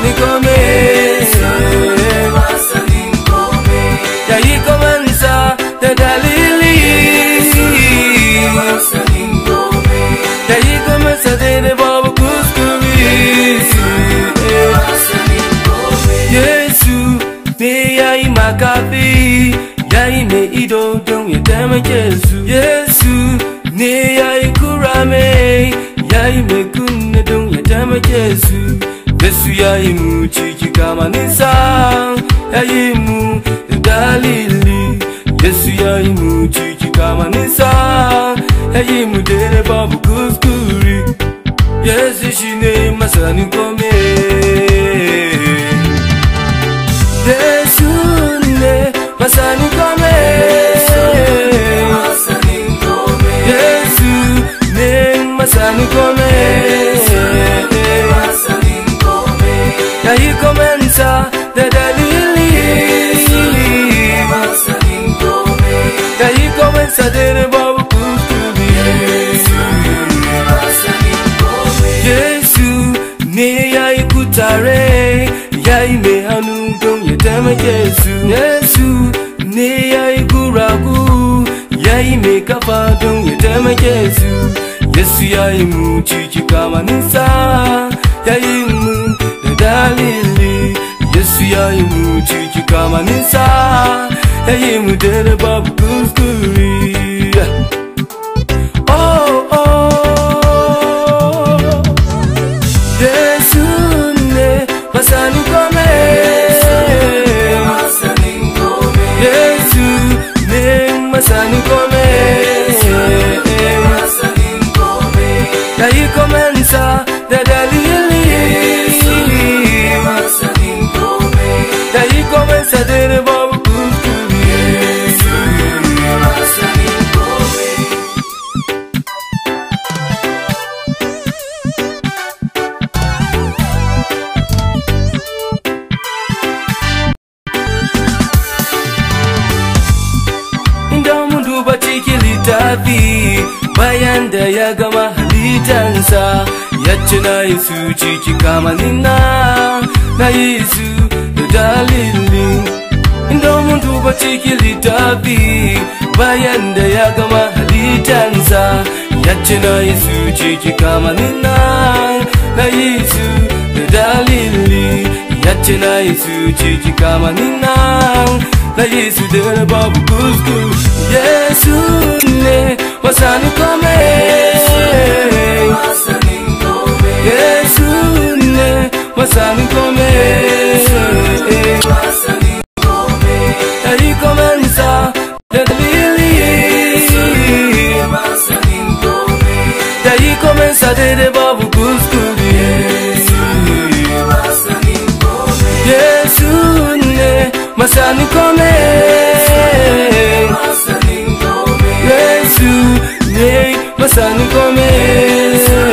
ni come ya hii komanza na dalili ya hii komanza dene baba kuskuri Yesu te ya hii makapi ya hii ne ido don ya dama Yesu Yesu ne ya hii kurame ya hii mekunne don ya dama Yesu yesu yaimuchichikamanisa yaimu dalili yesu yaimuchichikamanisa yaimu dereba bukuskuri yesu shine masanikome sadere bawu kutubi yesu ne yayi kutare yayi me hanu dom yetema yesu yesu ne yayi kuragu yayi me kafa dom yetema yesu yesu yayi mu cicikama nisa yayi mu dadalili yesu yayi mu cicikama nisa yayi mu dere bawu kutubi sasa nikome daikomensa dadalili daikomensa dere lissafi bayan da ya gama halittansa ya ci na yi su ciki kamanina na yi su da dalilin duba ciki littafi bayan da ya gama halittansa ya na yi su ciki kamanina na yi su da dalili ya ci na yi su ciki kamanina na Yesu dele babu kuzdu Yesu ne wasani kome Yesu ne wasani kome Aí começa dentro Daí começa dele babu kuzdu Yesu Masa nikone Yesu Masa nikone Yesu